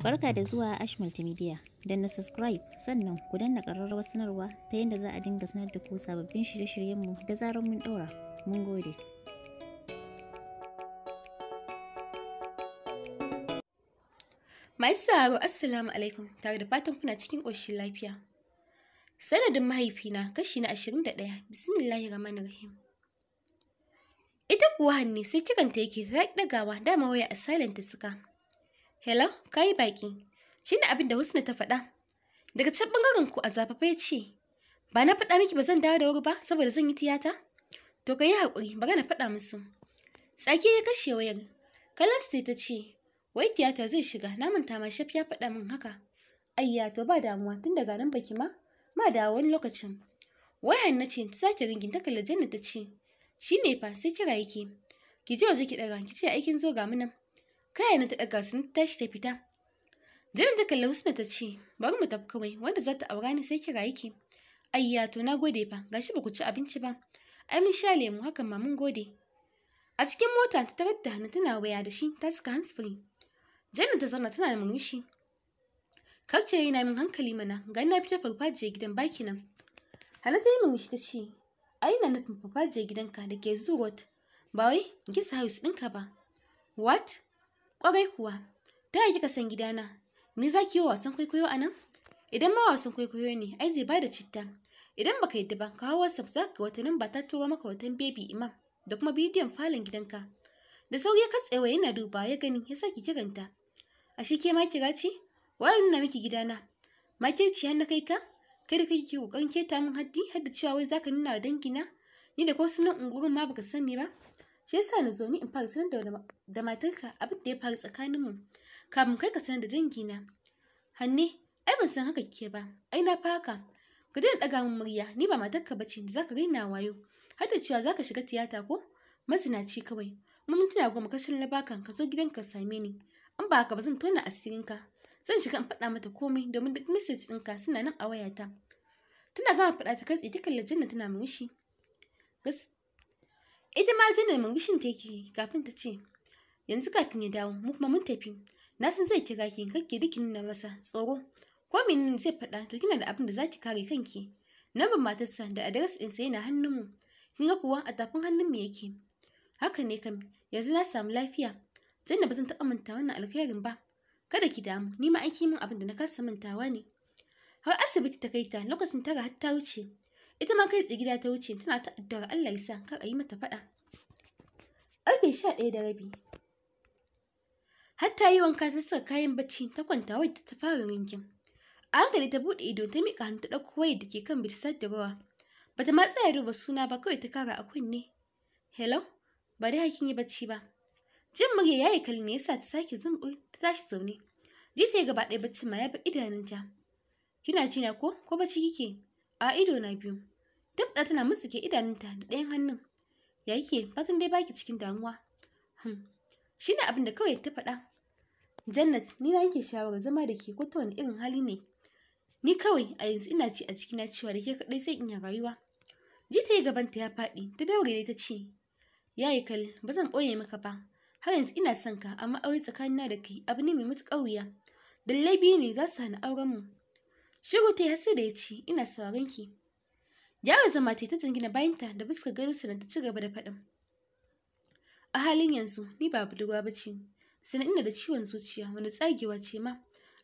Barka da zuwa Ash Multimedia. Don na subscribe sannan ku danna ƙararrawar sanarwa ta yadda za a dinga sanar da ku sababbin shirye-shiryenmu da zarar mun ɗora. Mun gode. Masu sauraro Assalamu alaikum tare da fatan kuna cikin ƙoshin lafiya. Sanadin mahaifina kashi na ashirin da ɗaya bismillahi ramani rahim. Ita kuwa hannu sai kiranta yake ta ɗagawa dama waya a silent suka hello ka yi baki shi ne abin da husna ta faɗa daga can ɓangaren ku a ya ce ba na faɗa miki ba zan dawo da wuri ba saboda zan yi tiyata to ka yi haƙuri ba na faɗa musu tsaki ya kashe wayar su ta ce wai tiyata zai shiga na manta ma shaf ya faɗa min haka ayya to ba damuwa tun daga nan baki ma ma da wani lokacin wai hanna ce ta sake ringin ta kalla janna ta ce shi ne fa sai kira yake ki je waje ki ɗaga ki ce aikin zo ga mu nan kayana ta ɗaga su tashi ta fita jinin ta kalli husna ta ce bari mu tafi kawai wanda za ta aura ni sai kira yake ayya to na gode fa gashi ba ku ci abinci ba ai mun sha lemu hakan ma mun gode a cikin mota ta tarar da hannu tana waya da shi ta saka free janet ta zauna tana da murmushi Kar ki raina min hankali mana gani na fita farfajiyar gidan baki nan hana ta yi murmushi ta ce ai na nufin farfajiyar gidanka da ke zuwa ba wai gisa house ɗinka ba Wat? Ƙwarai kuwa, ta yi kika san gidana, me za ki yi wasan kwaikwayo a nan? Idan ma wasan kwaikwayo ne, ai zai bada citta. Idan baka yadda ba, ka hawa WhatsApp za ka watannin ba ta tura maka watan bebi imam da kuma bidiyon falon gidanka. Da sauri ya katsewa yana duba ya gani ya saki kiranta. Ashe ke ma kira ce? Waye nuna miki gidana? Ma ke ci na kai ka? Kai da kake kokarin keta min haddi har cewa wai zaka nuna wa dangina? Ni da ko sunan unguwar ma baka san sani ba? shi yasa na zo ni in fara sanar da da matarka abin da ya faru tsakanin mu kafin kai ka sanar da dangina hanne ai ban san haka kike ba ai na faka ka daina daga min murya ni ba matarka bace da zaka raina wayo har da cewa zaka shiga tiyata ko masinaci kawai mun mintuna goma kashin labakan ka zo gidan gidanka same ni an ba haka ba zan tona ka? zan shiga in faɗa mata komai domin duk message ɗinka suna nan a wayata tana gama faɗa ta katse ta kalla janna tana mushi ita ma mun ta take kafin ta ce yanzu kafin ya dawo mu kuma mun tafi na san zai kira ki kake duki na masa tsoro ko menene zai faɗa to kina da abin da zaki kare kanki namban matarsa da address din sa yana hannun mu kin ga kuwa a tafin hannun mu yake haka ne kam yanzu na samu lafiya zan ba zan taɓa manta wannan alkhairin ba kada ki damu ni ma an min abin da na kasa mantawa ne har asibiti ta kai ta lokacin tara har ta wuce ita ma kai tsigida gida ta wuce tana ta addu'ar Allah ya sa kar a yi mata fada. ƙarfe sha ɗaya da rabi hatta yi wanka ta saka kayan bacci ta kwanta wai ta fara rinkin a hankali ta buɗe ido ta miƙa hannu ta ɗauko wayar da ke kan bitisar da rawa bata ma tsaya duba suna ba kawai ta kara a kunne hello ba dai hakin yi bacci ba jin murya yayi kalme yasa ta sake zumbur ta tashi zaune jita ya gaba ɗaya baccin ma ya bi idanunta kina cina ko ko bacci kike a ido na biyu duk tana musu ke idanunta da ɗayan hannun ya yake fatan dai baki cikin damuwa hmm. shi ne abin da kawai ta faɗa jannat ni na yanke shawarar zama da ke ko ta wani irin hali ne ni kawai a yanzu ina ci a cikina cewa da ke kaɗai sai in yi rayuwa ji ta yi gabanta ya faɗi ta daure ne ta ce ya yi kal ba zan ɓoye maka ba har yanzu ina son ka amma aure tsakanina da kai abu ne mai matuƙar wuya dallai biyu ne za su hana aurenmu shigo ta hasu da ya ci ina sauran ki. Yaro zama ta jingina bayanta da fuskar gado sanar ta ci gaba da faɗin. A halin yanzu, ni ba budurwa ba ce, sanar ina da ciwon zuciya wanda tsagewa ce ma,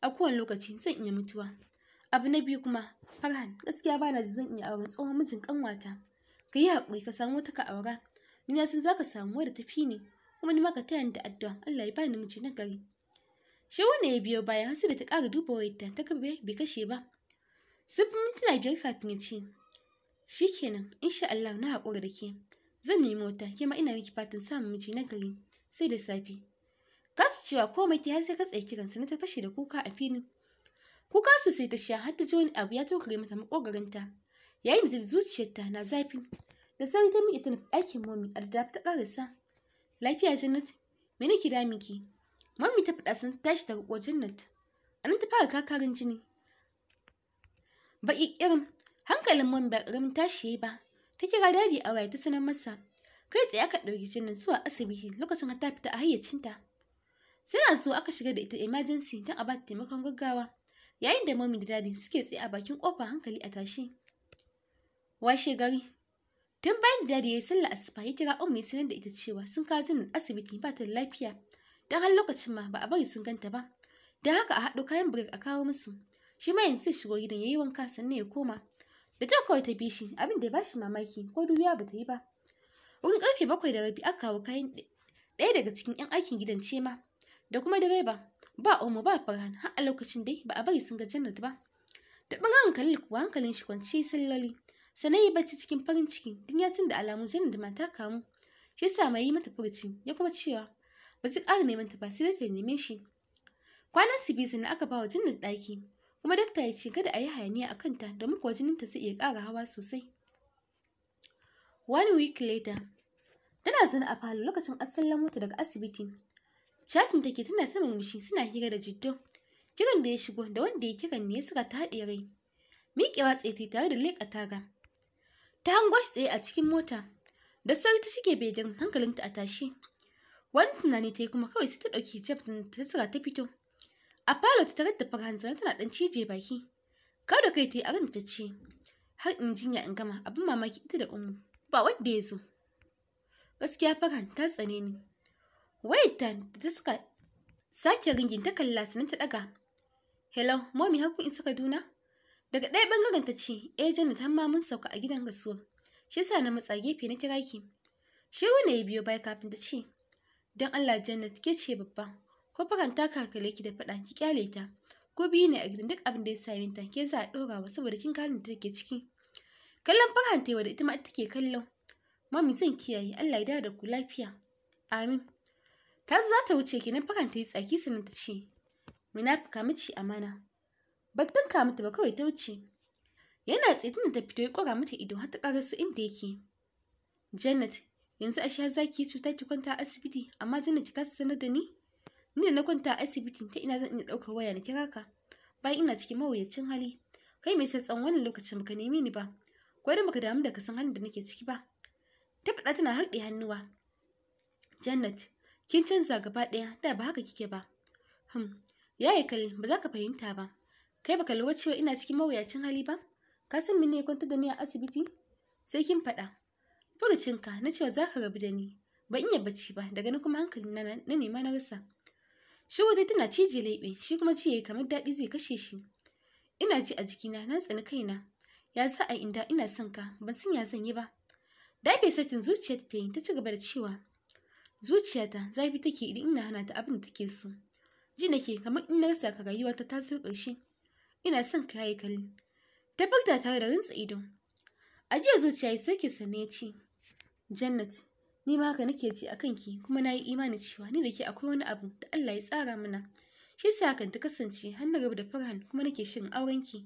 a kowane lokaci zan iya mutuwa. Abu na biyu kuma, Farhan, gaskiya ba na zan iya auren tsohon mijin kanwata. Ka yi haƙuri ka samu wata ka aura, ni na san za ka samu wadda fi ne, kuma ni ma ka taya da addu'a Allah ya ba ni miji na gari. Shi ne ya biyo baya, hasi da ta ƙara duba wayarta ta kabe bai kashe ba, sun tana mintuna biyar kafin ya ce shikenan insha Allah na haƙura da ke zan nemi wata Kema ina miki fatan samun miji na gari sai da safe kasu cewa komai ta sai ka tsaye kiransa na ta fashe da kuka a filin kuka sosai ta sha har ta ji wani abu ya tokare mata makogarinta yayin da zuciyarta na zafi da sauri ta miƙe ta nufi ɗakin momi a da ta ƙarasa lafiya jannat me nake da miki mami ta faɗa sun tashi ta riƙo jannat a ta fara kakarin jini i irin hankalin mambar karamin tashi yi ba ta kira dadi a waya ta sanar masa kai tsaye aka ɗauki jinin zuwa asibiti lokacin har ta fita a hayyacinta suna zuwa aka shiga da ita emergency don a ba ta taimakon gaggawa yayin da mami da dadi suke tsaye a bakin kofa hankali a tashi washe gari tun bayan da dadi ya yi sallah asuba ya kira ummi sanar da ita cewa sun kawo jinin asibiti ba ta da lafiya don har lokacin ma ba a bari sun ganta ba don haka a haɗo kayan break a kawo musu shi ma yanzu sai shigo gidan yayi wanka sannan ya koma da ta kawai ta bi shi abin da ya bashi mamaki ko dubiya ba ta yi ba wurin karfe bakwai da rabi aka kawo kayan ɗaya daga cikin 'yan aikin gidan ce ma da kuma direba ba omo ba farhan har a lokacin dai ba a bari sun ga jannat ba da ɓangaren kalil kuwa hankalin shi kwance salloli sannan ya bacci cikin farin ciki Tun ya san da alamu jannat da mata kamu shi yasa mai yi mata furci ya kuma cewa ba zai ƙara neman ta ba sai ta neme shi kwanan su biyu sannan aka ba wa jannat ɗaki kuma dakta ya ce kada a yi hayaniya a kanta da muku jininta zai iya ƙara hawa sosai one week later tana zana a falo lokacin asalin mota daga asibiti chatin take tana ta murmushi suna hira da jiddo kiran da ya shigo da wanda ya kiran ne suka ta haɗe rai miƙewa tsaye tare da leƙa taga ta hango shi tsaye a cikin mota da sauri ta shige begen hankalinta a tashe. wani tunani ta yi kuma kawai sai ta ɗauki hijab ta tsira ta fito a falo ta tarar da faranzana tana dan cije baki kau da kai ta yi arin ta ce har in jinya in gama abin mamaki ita da umu ba wanda ya zo gaskiya faran ta tsane ni wayar ta ta saka sake ringin ta kalla sanin ta ɗaga? hello momi har in isa kaduna daga ɗaya ɓangaren ta ce eh Jannat, har ma mun sauka a gidan rasuwa. shi sa na matsa gefe na kiraki. ki shiru ne ya biyo baya kafin ta ce don allah janet ke ce babba ko faranta taka kakale ki da faɗa ki kyale ta ko biyu ne a gidan duk abin da ya same ta ke za a ɗora wa saboda kin kalin da take ciki kallon fakan ta da ita ma take kallon mami zan kiyaye Allah ya dawo da ku lafiya amin ta zo za ta wuce ki nan fakan ta yi tsaki sannan ta ce munafika mace amana batun ka mata ba kawai ta wuce yana tsetin da ta fito ya kora mata ido har ta su inda yake Janet yanzu a sha zaki cuta ki kwanta a asibiti amma Janet ki kasa sanar da ni ni da na kwanta a asibitin ta ina zan iya ɗaukar waya na kira ka bayan ina cikin mawuyacin hali kai mai sassan wannan lokacin baka neme ni ba gwarin baka damu da kasan hannun da nake ciki ba ta faɗa tana haɗe hannuwa jannat kin canza gaba ɗaya da ba haka kike ba Hum. ya yi kalli ba za ka fahimta ba kai baka lura cewa ina cikin mawuyacin hali ba ka san mene kwanta da ni a asibiti sai kin faɗa furucinka na cewa za ka rabu da ni ban iya bacci ba daga na kuma hankali na nema na rasa Shawada tana cije laiɓe shi kuma ci yayi kamar daɗi zai kashe shi. Ina ji a jikina, na tsani kaina. Ya sa a inda ina son ka, ban san ya zan yi ba. Da bai satin zuciyarta ta yi ta ci gaba da cewa, Zuciyata zafi take idan ina hana ta abin da take so. Ji nake kamar in na rasa ka rayuwata ta zo ƙarshe. Ina son ka yayi kalli. Ta tare da rintsa ido. Ajiya zuciya ya sake sanne ya ce, Jannat, Ni ma haka nake ji a kanki kuma na yi imani cewa ni da ke akwai wani abu da Allah ya tsara mana. Shi sa hakan ta kasance har rabu da Farhan kuma nake shirin aurenki.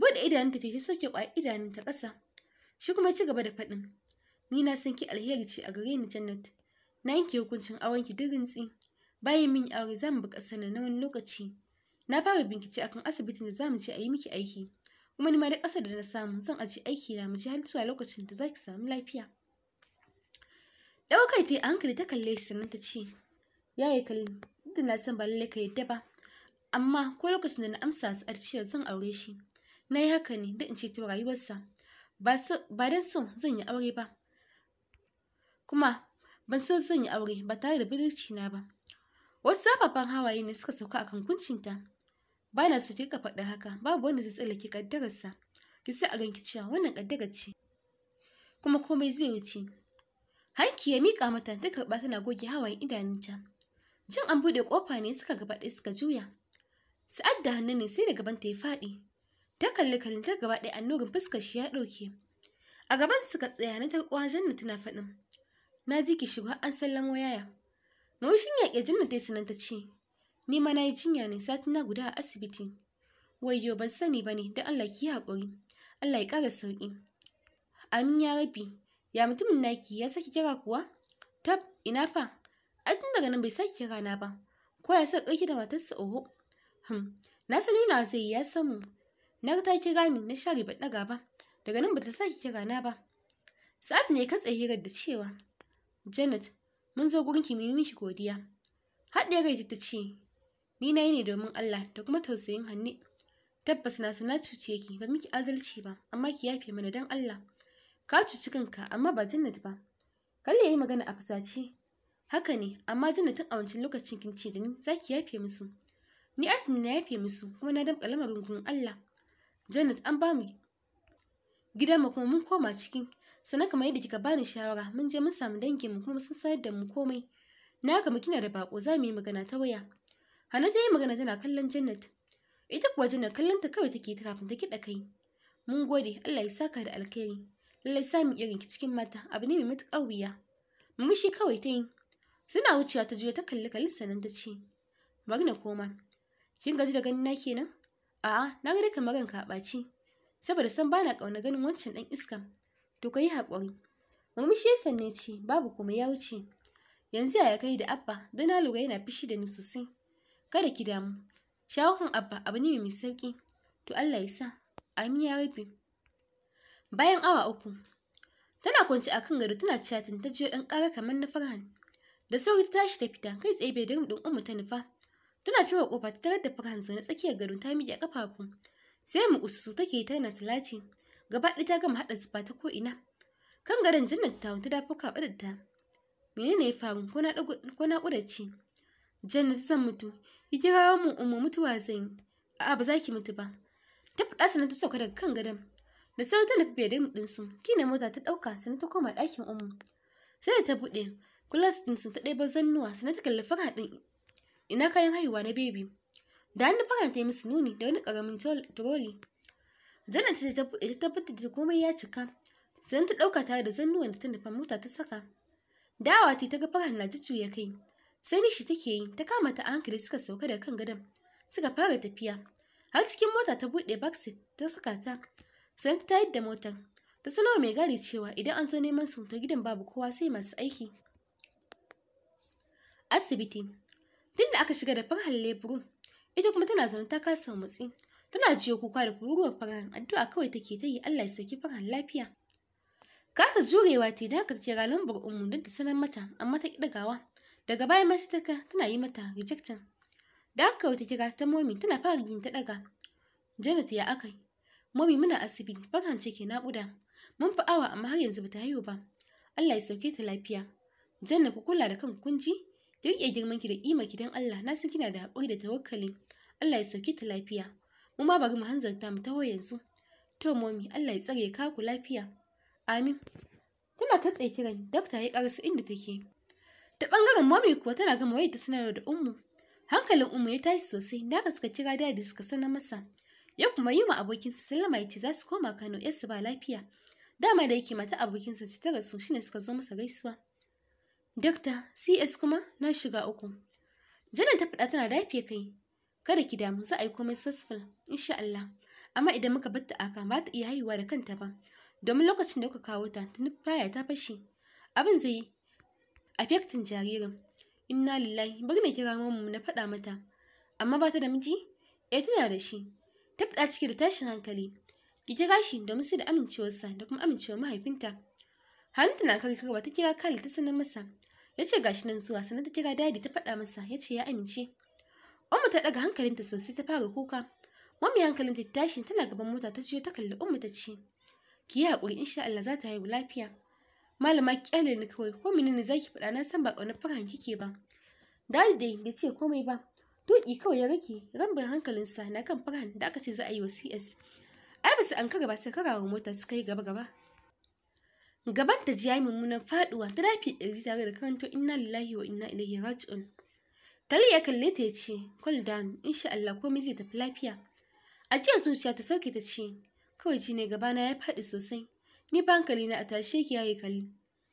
Buɗe idanunta ta sauke idanun idanunta ƙasa. Shi kuma ci gaba da faɗin. Ni na san ki alheri ce a gare ni Jannat. Na yanke hukuncin aurenki duk rintsi. Bayan min aure za mu buƙa sanar na wani lokaci. Na fara bincike akan asibitin da za mu je a yi miki aiki. kuma ni ma da ƙasar da na samu zan aji aiki na mu ji har zuwa lokacin da za ki samu lafiya. ɗaukar ta a hankali ta kalle shi sannan ta ce ya yi kalli duk da na san ba lallai ka yadda ba amma ko lokacin da na amsa su ciyar zan aure shi na yi haka ne duk in ce ta rayuwarsa ba don so zan yi aure ba kuma ban so zan yi aure ba tare da budurci na ba wasu zafafan hawaye ne suka sauka akan kuncinta ba na so ka faɗa haka babu wanda zai tsallake kaddararsa ki sai a ganki cewa wannan kaddarar ce kuma komai zai wuce hanki ya miƙa mata ta karɓa tana goge hawan idanunta jin an buɗe kofa ne suka gaba ɗaya suka juya sa'ad da hannu ne sai da gaban ta ya faɗi ta kalli kalli ta gaba ɗaya annorin fuskar shi ya ɗauke a gaban suka tsaya na tarkuwa janna tana faɗin na ji ki shiga an sallamo yaya maushin yaƙe janna ta yi sanar ta ce ni ma na yi jinya ne satina guda a asibiti wayyo ban sani ba ne don allah ki yi haƙuri allah ya ƙara sauƙi amin ya rabi ya mutumin naki ya saki kira kuwa tab ina fa ai tun daga nan bai saki kira na ba ko ya saka kai da matarsa oho hmm na san nuna zai ya samu na ta kira ni na share ba daga ba daga nan bata saki kira na ba sa'ad ne ka tsaye hirar da cewa janet mun zo gurin ki mu yi miki godiya haɗe rai ta ce ni na ne domin allah da kuma tausayin hannu tabbas na sana cuce ki ba miki adalci ba amma ki yafe mana don allah ka cuci kanka amma ba jannat ba Kalle ya yi magana a fusace haka ne amma jannat tun a wancan lokacin kin ce da ni za yafe musu ni adini na yafe musu kuma na damƙa lamarin gurin Allah jannat an ba mu gidan mu kuma mun koma cikin sannan kamar yadda kika bani shawara mun je mun samu dangin mu kuma sun sanar da mu komai na kama kina da bako za mu yi magana ta waya hana ta yi magana tana kallon jannat ita kuwa jannat kallon ta kawai take ta kafin ta kiɗa kai mun gode Allah ya saka da alkhairi lallai samun irin cikin mata abu ne mai matuƙar wuya shi kawai ta yi suna wucewa ta juya ta kalli kalli sannan ta ce bari na koma kin gaji da ganin na kenan a'a na ga dukkan kamar ka ɓaci saboda san bana ƙauna ganin wancan ɗan iska to ka yi haƙuri murmushi ya sanne ce babu kuma ya wuce yanzu yaya kai da abba don na lura yana fishi da ni sosai kada ki damu shawakan abba abu ne mai sauƙi to allah ya sa amin ya rufe Bayan awa uku, tana kwance a kan gado tana chatin ta jiyo ɗan ƙara kamar na Farhan. Da sauri ta tashi ta fita kai tsaye bai dirim ɗin umu ta nufa. Tana wa ƙofa ta tarar da Farhan zaune tsakiyar gado ta miƙe ƙafafu. Sai mu ususu take tana salati. Gaba ɗaya ta gama haɗa zuba ta ko'ina. Kan garin Jannat ta ta dafo kaɓar ta. Menene ya faru ko na ƙudace? ta zan mutu. Ki kira mu umu, mutuwa zan yi. A'a ba za ki mutu ba. Ta faɗa sannan ta sauka daga kan garin. da sau ta nufi bedroom ɗinsu kina mota ta ɗauka sannan ta koma ɗakin umu sai da ta buɗe kulas ɗinsu ta ɗaya zannuwa sannan ta kalli fara ɗin ina kayan haihuwa na bebi da hannu fara ta yi musu nuni da wani ƙaramin turoli janet ta buɗe ta tabbatar da komai ya cika sannan ta ɗauka tare da zannuwan da ta nufa mota ta saka dawa ta ga fara na jujjuya kai sai nishi take yi ta kama ta hankali suka sauka da kan gadon suka fara tafiya har cikin mota ta buɗe baksi ta saka ta sun ta yadda motar ta sanawa mai gadi cewa idan an zo neman su ta gidan babu kowa sai masu aiki asibiti tun da aka shiga da farhan leburu ita kuma tana zaune ta kasa motsi tana jiyo kuka da kururuwa farhan addu'a kawai take ta yi allah ya sauki farhan lafiya kasa jurewa ta da haka kira lambar umu don ta sanar mata amma ta dagawa daga baya masitaka tana yi mata rejectin da haka kawai ta kira ta momi tana fara yin ta ɗaga janet ya akai mami muna asibi bakan ce ke naƙuda mun fi awa amma har yanzu bata haihu ba Allah ya sauke ta lafiya janna ku kula da kan kunji ji ki riƙe girman ki da ƙima ki don Allah na san kina da haƙuri da tawakkali Allah ya sauke ta lafiya mu ma bari mu hanzarta mu taho yanzu to momi Allah ya tsare ya ku lafiya amin tana katse kiran dakta ya karasu inda take ta ɓangaren mami kuwa tana gama wayar ta sanarwa da ummu hankalin ummu ya tashi sosai da aka suka kira dadi suka sanar masa ya kuma yi ma abokinsa sallama ya ce za su koma Kano yar su ba lafiya dama da yake mata abokinsa ce ta rasu shine suka zo masa gaisuwa dakta cs kuma na shiga uku Janar ta faɗa tana dafiye kai kada ki damu za a yi komai successful insha Allah amma idan muka bar ta aka ba ta iya haihuwa da kanta ba domin lokacin da kuka kawo ta tuni faya ta fashe abin zai yi afektin jaririn inna lillahi bari na kira mu na faɗa mata amma ba ta da miji eh tana da shi ta faɗa ciki da tashin hankali ki kira shi domin sai da amincewarsa da kuma amincewar mahaifinta hannunta na kare ba ta kira kali ta sanar masa ya ce gashi nan zuwa sannan ta kira dadi ta faɗa masa ya ce ya amince umma ta ɗaga hankalinta sosai ta fara kuka mami hankalin ta tashi tana gaban mota ta juyo ta kalli umma ta ce ki yi haƙuri insha Allah za ta haihu lafiya malama kyale ni kawai ko menene zaki faɗa na san ba ƙaunar faran kike ba dadi dai bai ce komai ba Doki kawai ya rake rambar hankalinsa na kan farhan da aka ce za a yi wa CS. Ai basu an ba sai karawar mota suka yi gaba-gaba. Gaban ta jiya mummunan faduwa ta dafi ɗari tare da karanto inna lillahi wa inna ilaihi raji'un. tali ya kalle ta ya ce, "Cool in insha Allah komai zai tafi lafiya." A jiya zuciya ta sauke ta ce, "Kawai ji ne gabana ya faɗi sosai, ni ba hankali na a tashe ki yayi kalli.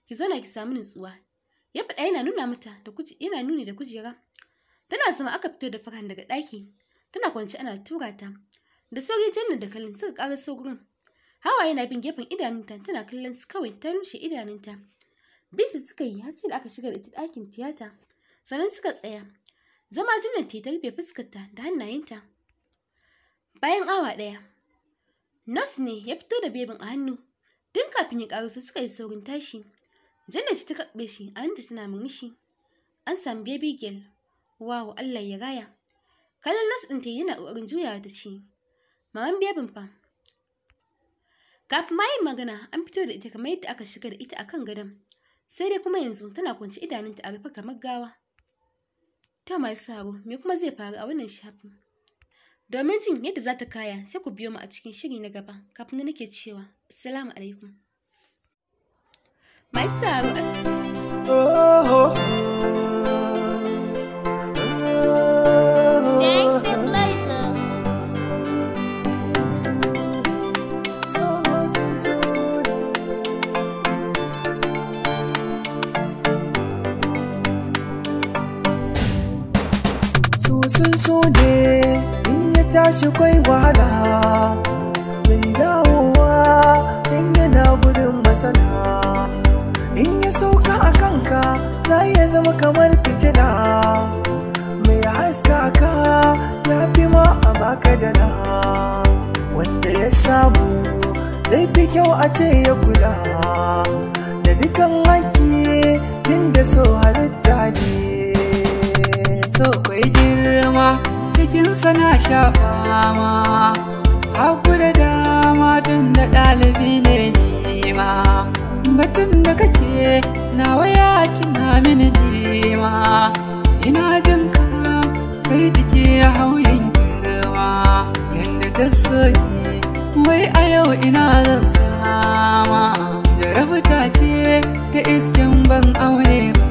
Ki zauna ki samu nutsuwa." Ya faɗa yana nuna mata yana nuni da kujera. tana zama aka fito da farhan daga ɗaki tana kwanci ana tura ta da sauri janna da Kallon suka ƙara so gurin hawaye na bin gefen idanunta tana kallon su kawai ta rushe idanunta bisu suka yi har sai da aka shiga da ita ɗakin tiyata sannan suka tsaya zama jinnan ta ta tarbe fuskarta da hannayenta bayan awa ɗaya nas ne ya fito da bebin a hannu tun kafin ya su suka yi saurin tashi janna ta kaɓe shi a tana murmushi an sami baby girl Wow, Allah ya raya. Kallon nas ɗin ta yana ƙoƙarin juyawa ta ce, Maman bin fa. Kafin ma yin magana, an fito da ita kamar yadda aka shiga da ita a kan gadon. Sai dai kuma yanzu tana kwanci idanunta a rufe kamar gawa. Ta mai saro, me kuma zai faru a wannan shafin? Domin jin yadda za ta kaya, sai ku biyo mu a cikin shiri na gaba, kafin da nake cewa, Assalamu alaikum. Mai saro, as. Oh, oh. sun so ne in ya tashi kwai wahala mai dawowa in yana gudun matsala in ya sauka a kanka za ya zama kamar fitila mai haska ka ya fi ma a baka da na wanda ya samu zai fi kyau a ce ya kula da dukan haƙi tun da so halitta ne so kwai girma cikin sana sha fama haku da dama tun da ɗalibi ne nima batun da kake na ya kina mini nima ina jin ka sai jiki ya hauyin girma yadda ta soki wai a yau ina zan sama jarabta ce ta iskin ban aure ba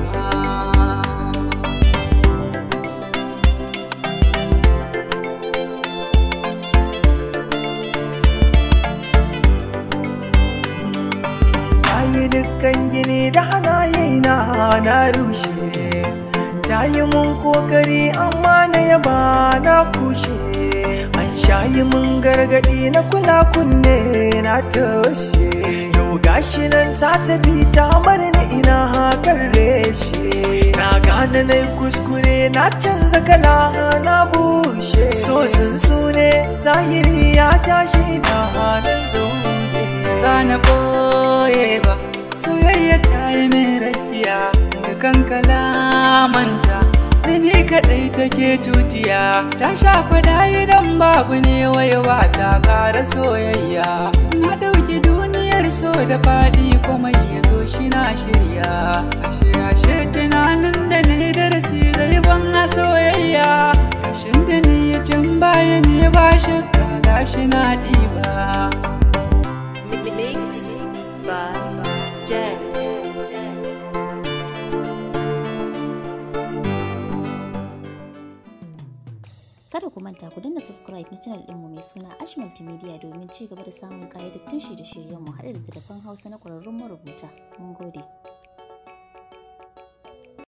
kan gini da hana yi na na rushe ta yi mun kokari amma na yaba na kushe an shayi mun gargadi na kula kunne na toshe yau gashi nan ta tafi ta bar ni ina hakar reshe na gane na kuskure na canza kala na bushe so sun sune zahiri ya tashi da hannun zaune zana boye ba soyayya ta yi mai rakiya dukan kalamanta da ni kadai take tutiya ta shafa dayi don babu ne waiwa ta ƙara soyayya na ɗauki duniyar so da faɗi kuma ya zo shi na shirya ashe ashe tunanin da ni darasi zai ban a soyayya kashin da ni ya can baya ne ba shakka gashi na ɗiba Mix by Kada ku manta ku dinna subscribe na channel ɗinmu mai suna Ash Multimedia domin ci gaba da samun kayyadattun shirye-shiryenmu haɗe da telefon Hausa na ƙwararrun marubuta. Mun gode.